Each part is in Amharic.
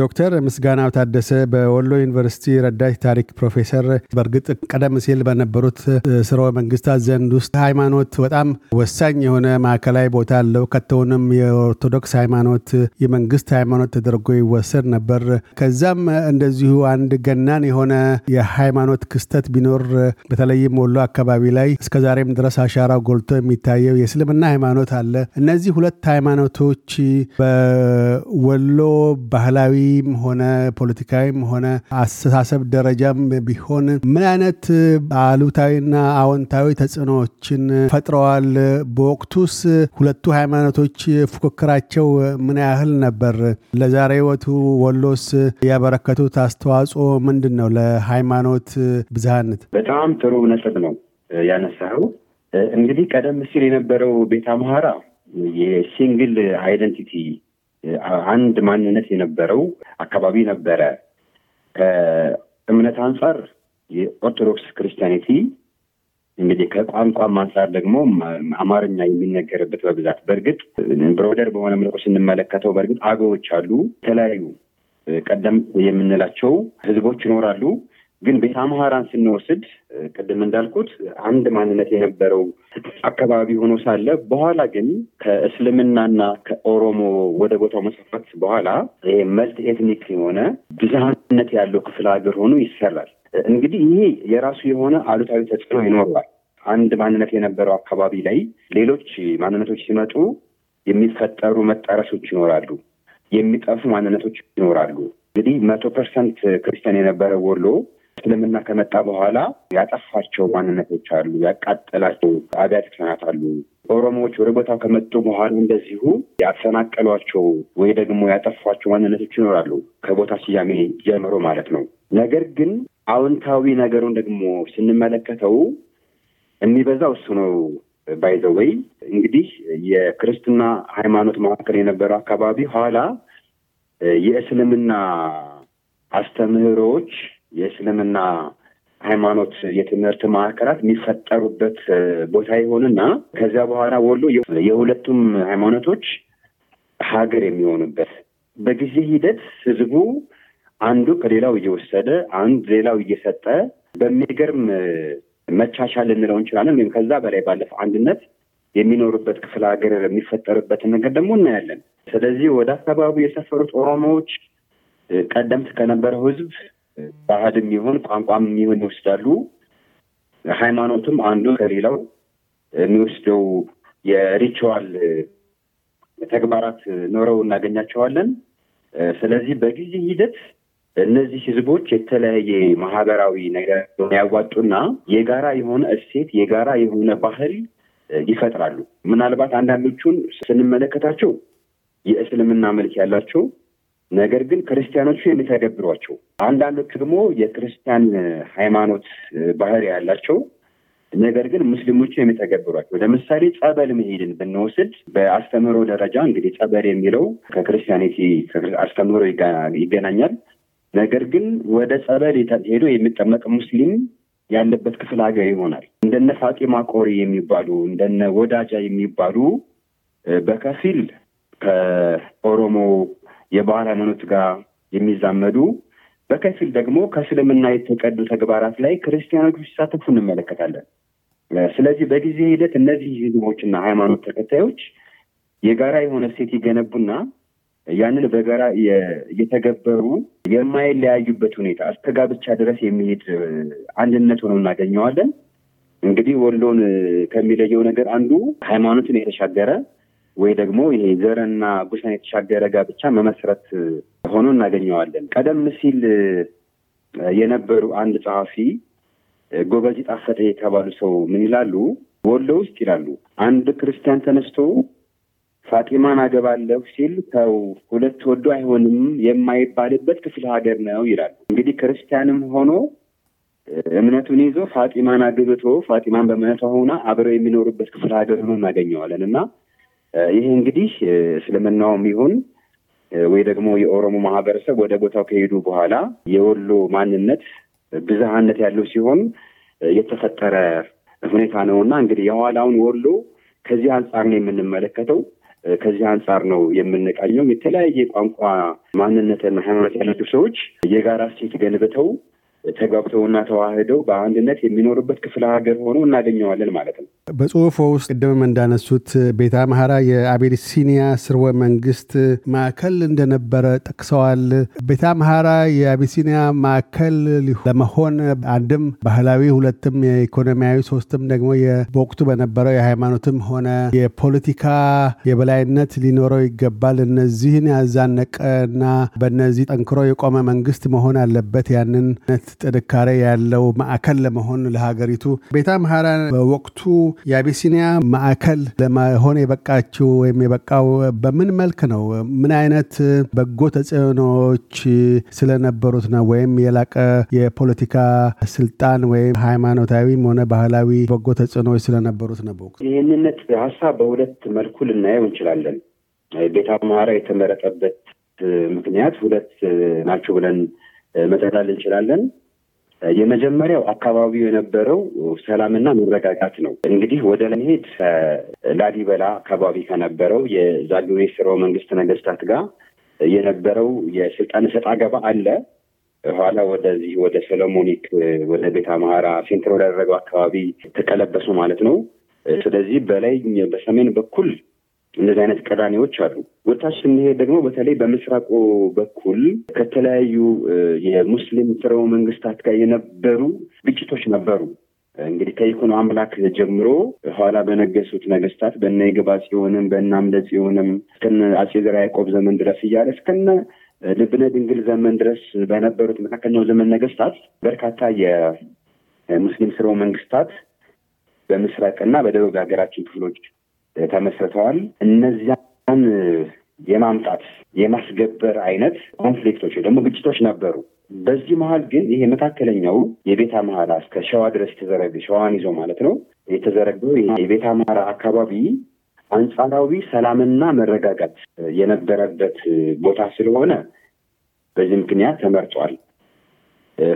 ዶክተር ምስጋናው ታደሰ በወሎ ዩኒቨርሲቲ ረዳት ታሪክ ፕሮፌሰር፣ በእርግጥ ቀደም ሲል በነበሩት ስርወ መንግስታት ዘንድ ውስጥ ሃይማኖት በጣም ወሳኝ የሆነ ማዕከላዊ ቦታ አለው። ከተውንም የኦርቶዶክስ ሃይማኖት የመንግስት ሃይማኖት ተደርጎ ይወሰድ ነበር። ከዛም እንደዚሁ አንድ ገናን የሆነ የሃይማኖት ክስተት ቢኖር በተለይም ወሎ አካባቢ ላይ እስከዛሬም ድረስ አሻራው ጎልቶ የሚታየው የእስልምና ሃይማኖት አለ። እነዚህ ሁለት ሃይማኖቶች በወሎ ባህላዊ ባህላዊም ሆነ ፖለቲካዊም ሆነ አስተሳሰብ ደረጃም ቢሆን ምን አይነት አሉታዊና አዎንታዊ ተጽዕኖዎችን ፈጥረዋል? በወቅቱስ ሁለቱ ሃይማኖቶች ፉክክራቸው ምን ያህል ነበር? ለዛሬ ወቱ ወሎስ ያበረከቱት አስተዋጽኦ ምንድን ነው? ለሃይማኖት ብዝሃነት በጣም ጥሩ ነጥብ ነው ያነሳው? እንግዲህ ቀደም ሲል የነበረው ቤተ አምሃራ የሲንግል አይደንቲቲ አንድ ማንነት የነበረው አካባቢ ነበረ። ከእምነት አንጻር የኦርቶዶክስ ክርስቲያኒቲ እንግዲህ ከቋንቋም አንጻር ደግሞ አማርኛ የሚነገርበት በብዛት በእርግጥ ብሮደር በሆነ መልኩ ስንመለከተው በእርግጥ አገዎች አሉ። የተለያዩ ቀደም የምንላቸው ህዝቦች ይኖራሉ። ግን ቤተ አምሃራን ስንወስድ ቅድም እንዳልኩት አንድ ማንነት የነበረው አካባቢ ሆኖ ሳለ በኋላ ግን ከእስልምናና ከኦሮሞ ወደ ቦታው መስፋት በኋላ ይሄ መልት ኤትኒክ የሆነ ብዝሃነት ያለው ክፍለ ሀገር ሆኖ ይሰራል። እንግዲህ ይሄ የራሱ የሆነ አሉታዊ ተጽዕኖ ይኖረዋል። አንድ ማንነት የነበረው አካባቢ ላይ ሌሎች ማንነቶች ሲመጡ የሚፈጠሩ መጣረሶች ይኖራሉ። የሚጠፉ ማንነቶች ይኖራሉ። እንግዲህ መቶ ፐርሰንት ክርስቲያን የነበረ ወሎ እስልምና ከመጣ በኋላ ያጠፋቸው ማንነቶች አሉ፣ ያቃጠላቸው አብያተ ክርስቲያናት አሉ። ኦሮሞዎች ወደ ቦታው ከመጡ በኋላ እንደዚሁ ያፈናቀሏቸው ወይ ደግሞ ያጠፏቸው ማንነቶች ይኖራሉ፣ ከቦታ ስያሜ ጀምሮ ማለት ነው። ነገር ግን አዎንታዊ ነገሩን ደግሞ ስንመለከተው የሚበዛው እሱ ነው። ባይዘወይ እንግዲህ የክርስትና ሃይማኖት መካከል የነበረው አካባቢ ኋላ የእስልምና አስተምህሮዎች የእስልምና ሃይማኖት የትምህርት ማዕከላት የሚፈጠሩበት ቦታ ይሆንና ከዚያ በኋላ ወሎ የሁለቱም ሃይማኖቶች ሀገር የሚሆኑበት በጊዜ ሂደት ህዝቡ አንዱ ከሌላው እየወሰደ አንዱ ሌላው እየሰጠ በሚገርም መቻቻል ልንለው እንችላለን። ወይም ከዛ በላይ ባለፈ አንድነት የሚኖሩበት ክፍለ ሀገር የሚፈጠርበትን ነገር ደግሞ እናያለን። ስለዚህ ወደ አካባቢው የሰፈሩት ኦሮሞዎች ቀደምት ከነበረው ህዝብ ባህልም ይሁን ቋንቋም ይሁን ይወስዳሉ። ሃይማኖትም አንዱ ከሌላው የሚወስደው የሪቸዋል ተግባራት ኖረው እናገኛቸዋለን። ስለዚህ በጊዜ ሂደት እነዚህ ህዝቦች የተለያየ ማህበራዊ ነገር ያዋጡና የጋራ የሆነ እሴት፣ የጋራ የሆነ ባህል ይፈጥራሉ። ምናልባት አንዳንዶቹን ስንመለከታቸው የእስልምና መልክ ያላቸው ነገር ግን ክርስቲያኖቹ የሚተገብሯቸው አንዳንዶቹ ደግሞ የክርስቲያን ሃይማኖት ባህሪ ያላቸው ነገር ግን ሙስሊሞቹ የሚተገብሯቸው ለምሳሌ ጸበል መሄድን ብንወስድ በአስተምህሮ ደረጃ እንግዲህ ጸበል የሚለው ከክርስቲያኒቲ አስተምህሮ ይገናኛል። ነገር ግን ወደ ጸበል ሄዶ የሚጠመቅ ሙስሊም ያለበት ክፍል ሀገር ይሆናል። እንደነ ፋጢማ ቆሪ የሚባሉ እንደነ ወዳጃ የሚባሉ በከፊል ከኦሮሞ የባህል ሃይማኖት ጋር የሚዛመዱ በከፊል ደግሞ ከእስልምና የተቀዱ ተግባራት ላይ ክርስቲያኖች ሲሳተፉ እንመለከታለን። ስለዚህ በጊዜ ሂደት እነዚህ ህዝቦችና ሃይማኖት ተከታዮች የጋራ የሆነ ሴት ይገነቡና ያንን በጋራ እየተገበሩ የማይለያዩበት ሁኔታ እስከጋብቻ ድረስ የሚሄድ አንድነት ሆኖ እናገኘዋለን። እንግዲህ ወሎን ከሚለየው ነገር አንዱ ሃይማኖትን የተሻገረ ወይ ደግሞ ይሄ ዘርና ጉሻን የተሻገረ ጋብቻ መመስረት ሆኖ እናገኘዋለን። ቀደም ሲል የነበሩ አንድ ጸሐፊ ጎበዚ ጣፈጠ የተባሉ ሰው ምን ይላሉ? ወሎ ውስጥ ይላሉ አንድ ክርስቲያን ተነስቶ ፋጢማን አገባለሁ ሲል ሰው ሁለት ወዶ አይሆንም የማይባልበት ክፍለ ሀገር ነው ይላሉ። እንግዲህ ክርስቲያንም ሆኖ እምነቱን ይዞ ፋጢማን አግብቶ ፋጢማን በእምነቷ ሆና አብረው የሚኖሩበት ክፍለ ሀገር ሆኖ እናገኘዋለን እና ይህ እንግዲህ እስልምናውም ይሁን ወይ ደግሞ የኦሮሞ ማህበረሰብ ወደ ቦታው ከሄዱ በኋላ የወሎ ማንነት ብዝሃነት ያለው ሲሆን የተፈጠረ ሁኔታ ነው እና እንግዲህ የኋላውን ወሎ ከዚህ አንጻር ነው የምንመለከተው። ከዚህ አንጻር ነው የምንቃኘው። የተለያየ ቋንቋ ማንነትና ሃይማኖት ያላቸው ሰዎች የጋራ ሴት ገንብተው ተጋብተውና ተዋህደው በአንድነት የሚኖሩበት ክፍለ ሀገር ሆኖ እናገኘዋለን ማለት ነው። በጽሁፎ ውስጥ ቅድምም እንዳነሱት ቤተ አምሐራ የአቤሲኒያ ስርወ መንግስት ማዕከል እንደነበረ ጠቅሰዋል። ቤተ አምሐራ የአቤሲኒያ ማዕከል ለመሆን አንድም ባህላዊ፣ ሁለትም የኢኮኖሚያዊ፣ ሶስትም ደግሞ በወቅቱ በነበረው የሃይማኖትም ሆነ የፖለቲካ የበላይነት ሊኖረው ይገባል። እነዚህን ያዛነቀ በነዚህ በእነዚህ ጠንክሮ የቆመ መንግስት መሆን አለበት። ያንን ጥንካሬ ያለው ማዕከል ለመሆን ለሀገሪቱ ቤተ አምሃራ በወቅቱ የአቢሲኒያ ማዕከል ለመሆን የበቃችው ወይም የበቃው በምን መልክ ነው? ምን አይነት በጎ ተጽዕኖዎች ስለነበሩት ነው? ወይም የላቀ የፖለቲካ ስልጣን ወይም ሃይማኖታዊም ሆነ ባህላዊ በጎ ተጽዕኖዎች ስለነበሩት ነው? በወቅቱ ይህንነት ሀሳብ በሁለት መልኩ ልናየው እንችላለን። ቤተ አምሃራ የተመረጠበት ምክንያት ሁለት ናቸው ብለን መጠቅለል እንችላለን። የመጀመሪያው አካባቢው የነበረው ሰላምና መረጋጋት ነው። እንግዲህ ወደ ለመሄድ ላሊበላ አካባቢ ከነበረው የዛግዌ ስርወ መንግስት ነገስታት ጋር የነበረው የስልጣን ሰጥ አገባ አለ። ኋላ ወደዚህ ወደ ሰሎሞኒክ ወደ ቤተ አማራ ሴንትር ያደረገው አካባቢ ተቀለበሱ ማለት ነው። ስለዚህ በላይ በሰሜን በኩል እንደዚህ አይነት ቀዳሚዎች አሉ። ወታች ስንሄድ ደግሞ በተለይ በምስራቁ በኩል ከተለያዩ የሙስሊም ፍረው መንግስታት ጋር የነበሩ ግጭቶች ነበሩ። እንግዲህ ከይኩኖ አምላክ ጀምሮ ኋላ በነገሱት ነገስታት በነ ይግባ ጽዮንም በነ አምደ ጽዮንም እስከነ አጼ ዘርዓ ያዕቆብ ዘመን ድረስ እያለ እስከነ ልብነ ድንግል ዘመን ድረስ በነበሩት መካከለኛው ዘመን ነገስታት በርካታ የሙስሊም ስርወ መንግስታት በምስራቅና በደቡብ ሀገራችን ክፍሎች ተመስርተዋል። እነዚያን የማምጣት የማስገበር አይነት ኮንፍሊክቶች ደግሞ ግጭቶች ነበሩ። በዚህ መሀል ግን ይሄ መካከለኛው የቤት አምሃራ እስከ ሸዋ ድረስ የተዘረገ ሸዋን ይዞ ማለት ነው የተዘረገው የቤት አምሃራ አካባቢ አንጻራዊ ሰላምና መረጋጋት የነበረበት ቦታ ስለሆነ በዚህ ምክንያት ተመርጧል።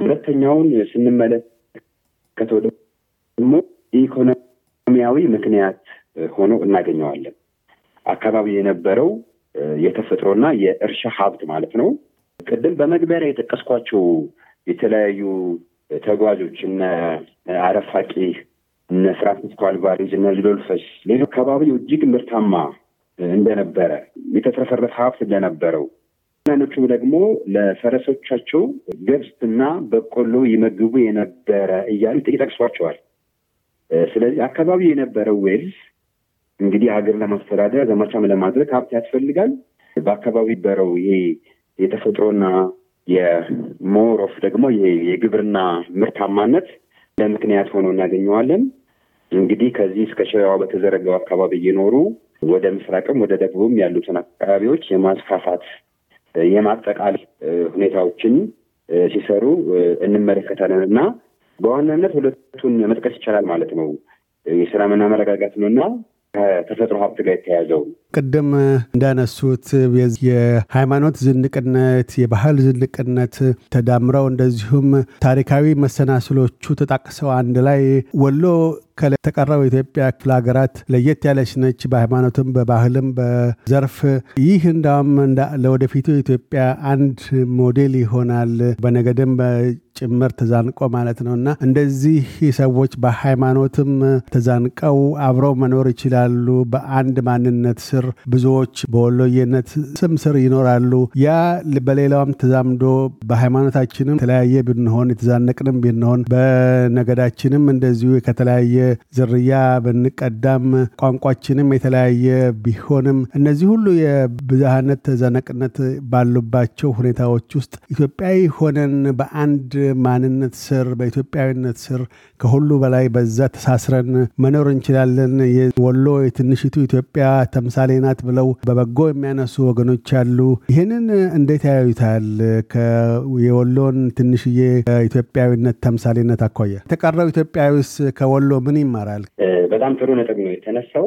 ሁለተኛውን ስንመለከተው ደግሞ ኢኮኖሚያዊ ምክንያት ሆኖ እናገኘዋለን። አካባቢ የነበረው የተፈጥሮና የእርሻ ሀብት ማለት ነው። ቅድም በመግቢያ የጠቀስኳቸው የተለያዩ ተጓዦች እነ አረፋቂ፣ እነ ስራፊስኮ አልቫሬዝ፣ እነ ሊዶልፈስ ሌሎ አካባቢው እጅግ ምርታማ እንደነበረ የተትረፈረፈ ሀብት እንደነበረው ነቹ ደግሞ ለፈረሶቻቸው ገብስና በቆሎ ይመግቡ የነበረ እያሉ ጥቂት ጠቅሷቸዋል። ስለዚህ አካባቢው የነበረው ዌልስ እንግዲህ ሀገር ለማስተዳደር ዘመቻም ለማድረግ ሀብት ያስፈልጋል። በአካባቢ በረው ይሄ የተፈጥሮና የሞሮፍ ደግሞ የግብርና ምርታማነት ለምክንያት ሆኖ እናገኘዋለን። እንግዲህ ከዚህ እስከ ሸዋ በተዘረጋው አካባቢ እየኖሩ ወደ ምስራቅም ወደ ደቡብም ያሉትን አካባቢዎች የማስፋፋት የማጠቃል ሁኔታዎችን ሲሰሩ እንመለከታለን እና በዋናነት ሁለቱን መጥቀስ ይቻላል ማለት ነው የሰላምና መረጋጋት ነው እና ከተፈጥሮ ሀብት ጋር የተያዘው ቅድም እንዳነሱት የሃይማኖት ዝንቅነት፣ የባህል ዝንቅነት ተዳምረው እንደዚሁም ታሪካዊ መሰናስሎቹ ተጣቅሰው አንድ ላይ ወሎ ከተቀረው የኢትዮጵያ ክፍለ ሀገራት ለየት ያለች ነች፣ በሃይማኖትም በባህልም በዘርፍ ይህ እንዳውም ለወደፊቱ ኢትዮጵያ አንድ ሞዴል ይሆናል፣ በነገድም ጭምር ተዛንቆ ማለት ነው እና እንደዚህ ሰዎች በሃይማኖትም ተዛንቀው አብረው መኖር ይችላሉ። በአንድ ማንነት ስር ብዙዎች በወሎየነት ስም ስር ይኖራሉ። ያ በሌላውም ተዛምዶ በሃይማኖታችንም የተለያየ ብንሆን የተዛነቅንም ብንሆን በነገዳችንም እንደዚሁ ከተለያየ ዝርያ ብንቀዳም ቋንቋችንም የተለያየ ቢሆንም እነዚህ ሁሉ የብዝሃነት ተዘነቅነት ባሉባቸው ሁኔታዎች ውስጥ ኢትዮጵያዊ ሆነን በአንድ ማንነት ስር በኢትዮጵያዊነት ስር ከሁሉ በላይ በዛ ተሳስረን መኖር እንችላለን። ወሎ የትንሽቱ ኢትዮጵያ ተምሳሌ ናት ብለው በበጎ የሚያነሱ ወገኖች አሉ። ይህንን እንዴት ያዩታል? የወሎን ትንሽዬ ኢትዮጵያዊነት ተምሳሌነት አኳያ የተቀረው ኢትዮጵያዊስ ከወሎ ምን ይማራል? በጣም ጥሩ ነጥብ ነው የተነሳው።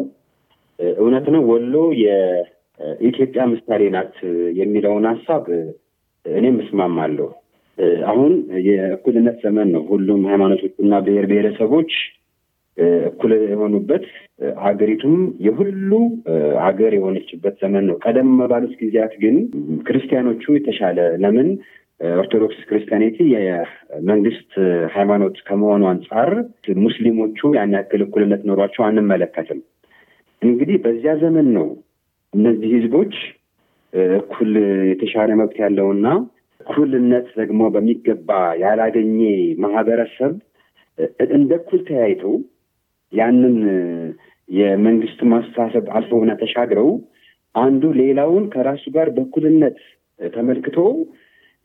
እውነት ነው ወሎ የኢትዮጵያ ምሳሌ ናት የሚለውን ሀሳብ እኔም እስማማለሁ። አሁን የእኩልነት ዘመን ነው። ሁሉም ና ብሔር ብሔረሰቦች እኩል የሆኑበት ሀገሪቱም የሁሉ ሀገር የሆነችበት ዘመን ነው። ቀደም ባሉት ጊዜያት ግን ክርስቲያኖቹ የተሻለ ለምን ኦርቶዶክስ ክርስቲያኒቲ የመንግስት ሃይማኖት ከመሆኑ አንጻር ሙስሊሞቹ ያን ያክል እኩልነት ኖሯቸው አንመለከትም። እንግዲህ በዚያ ዘመን ነው እነዚህ ህዝቦች እኩል የተሻለ መብት ያለውና እኩልነት ደግሞ በሚገባ ያላገኘ ማህበረሰብ እንደ እኩል ተያይተው ያንን የመንግስት ማስተሳሰብ አልፎ ሆነ ተሻግረው አንዱ ሌላውን ከራሱ ጋር በእኩልነት ተመልክቶ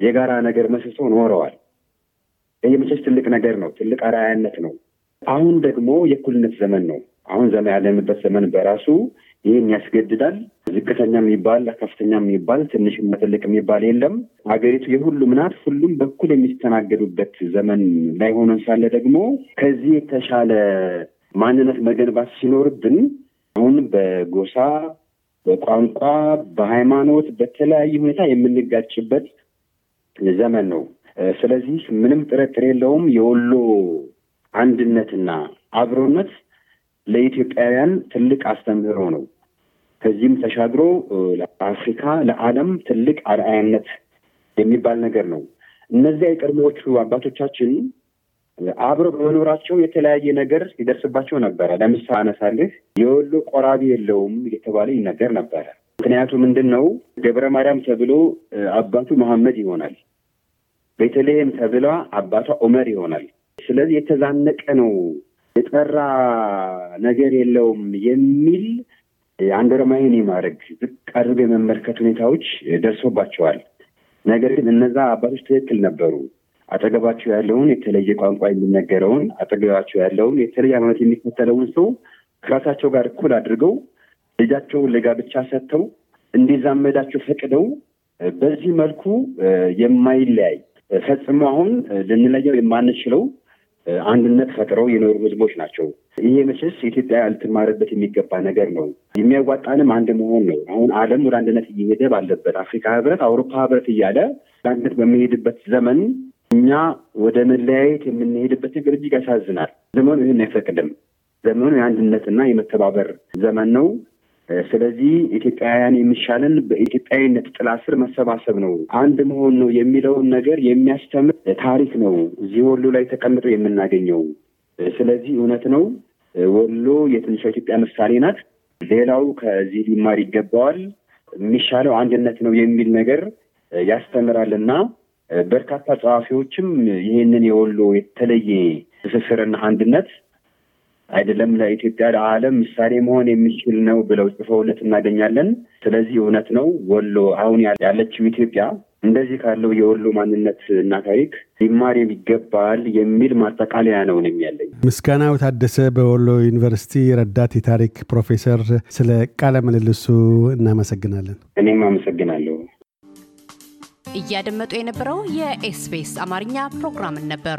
የጋራ ነገር መስሶ ኖረዋል። ይህ መቼስ ትልቅ ነገር ነው፣ ትልቅ አርአያነት ነው። አሁን ደግሞ የእኩልነት ዘመን ነው። አሁን ዘመን ያለንበት ዘመን በራሱ ይህን ያስገድዳል። ዝቅተኛ የሚባል ከፍተኛ የሚባል ትንሽ ትልቅ የሚባል የለም። ሀገሪቱ የሁሉም ናት። ሁሉም በኩል የሚስተናገዱበት ዘመን ላይ ሆነን ሳለ ደግሞ ከዚህ የተሻለ ማንነት መገንባት ሲኖርብን አሁን በጎሳ፣ በቋንቋ፣ በሃይማኖት በተለያየ ሁኔታ የምንጋጭበት ዘመን ነው። ስለዚህ ምንም ጥርጥር የለውም የወሎ አንድነትና አብሮነት ለኢትዮጵያውያን ትልቅ አስተምህሮ ነው። ከዚህም ተሻግሮ ለአፍሪካ ለዓለም ትልቅ አርአያነት የሚባል ነገር ነው። እነዚያ የቀድሞዎቹ አባቶቻችን አብረው በመኖራቸው የተለያየ ነገር ይደርስባቸው ነበረ። ለምሳ አነሳልህ የወሎ ቆራቢ የለውም የተባለ ይነገር ነበረ። ምክንያቱ ምንድን ነው? ገብረ ማርያም ተብሎ አባቱ መሐመድ ይሆናል። ቤተልሔም ተብላ አባቷ ዑመር ይሆናል። ስለዚህ የተዛነቀ ነው የጠራ ነገር የለውም የሚል አንደርማይን የማድረግ ዝቅ አድርጎ የመመልከት ሁኔታዎች ደርሶባቸዋል። ነገር ግን እነዛ አባቶች ትክክል ነበሩ። አጠገባቸው ያለውን የተለየ ቋንቋ የሚነገረውን አጠገባቸው ያለውን የተለየ ሃይማኖት የሚከተለውን ሰው ከራሳቸው ጋር እኩል አድርገው ልጃቸውን ለጋብቻ ሰጥተው እንዲዛመዳቸው ፈቅደው በዚህ መልኩ የማይለያይ ፈጽሞ አሁን ልንለየው የማንችለው አንድነት ፈጥረው የኖሩ ህዝቦች ናቸው። ይሄ መቼስ ኢትዮጵያ ልትማርበት የሚገባ ነገር ነው። የሚያዋጣንም አንድ መሆን ነው። አሁን ዓለም ወደ አንድነት እየሄደ ባለበት አፍሪካ ህብረት፣ አውሮፓ ህብረት እያለ ለአንድነት በሚሄድበት ዘመን እኛ ወደ መለያየት የምንሄድበት ነገር እጅግ ያሳዝናል። ዘመኑ ይህን አይፈቅድም። ዘመኑ የአንድነትና የመተባበር ዘመን ነው። ስለዚህ ኢትዮጵያውያን የሚሻለን በኢትዮጵያዊነት ጥላ ስር መሰባሰብ ነው፣ አንድ መሆን ነው የሚለውን ነገር የሚያስተምር ታሪክ ነው እዚህ ወሎ ላይ ተቀምጦ የምናገኘው። ስለዚህ እውነት ነው ወሎ የትንሿ ኢትዮጵያ ምሳሌ ናት። ሌላው ከዚህ ሊማር ይገባዋል። የሚሻለው አንድነት ነው የሚል ነገር ያስተምራል በርካታ ጸሐፊዎችም ይህንን የወሎ የተለየ ትስስርና አንድነት አይደለም ለኢትዮጵያ ለዓለም ምሳሌ መሆን የሚችል ነው ብለው ጽፈውለት እናገኛለን። ስለዚህ እውነት ነው ወሎ አሁን ያለችው ኢትዮጵያ እንደዚህ ካለው የወሎ ማንነት እና ታሪክ ሊማር ይገባል የሚል ማጠቃለያ ነው ነው ምስጋናው ታደሰ በወሎ ዩኒቨርሲቲ ረዳት የታሪክ ፕሮፌሰር፣ ስለ ቃለ ምልልሱ እናመሰግናለን። እኔም አመሰግናለሁ። እያደመጡ የነበረው የኤስቢኤስ አማርኛ ፕሮግራምን ነበር።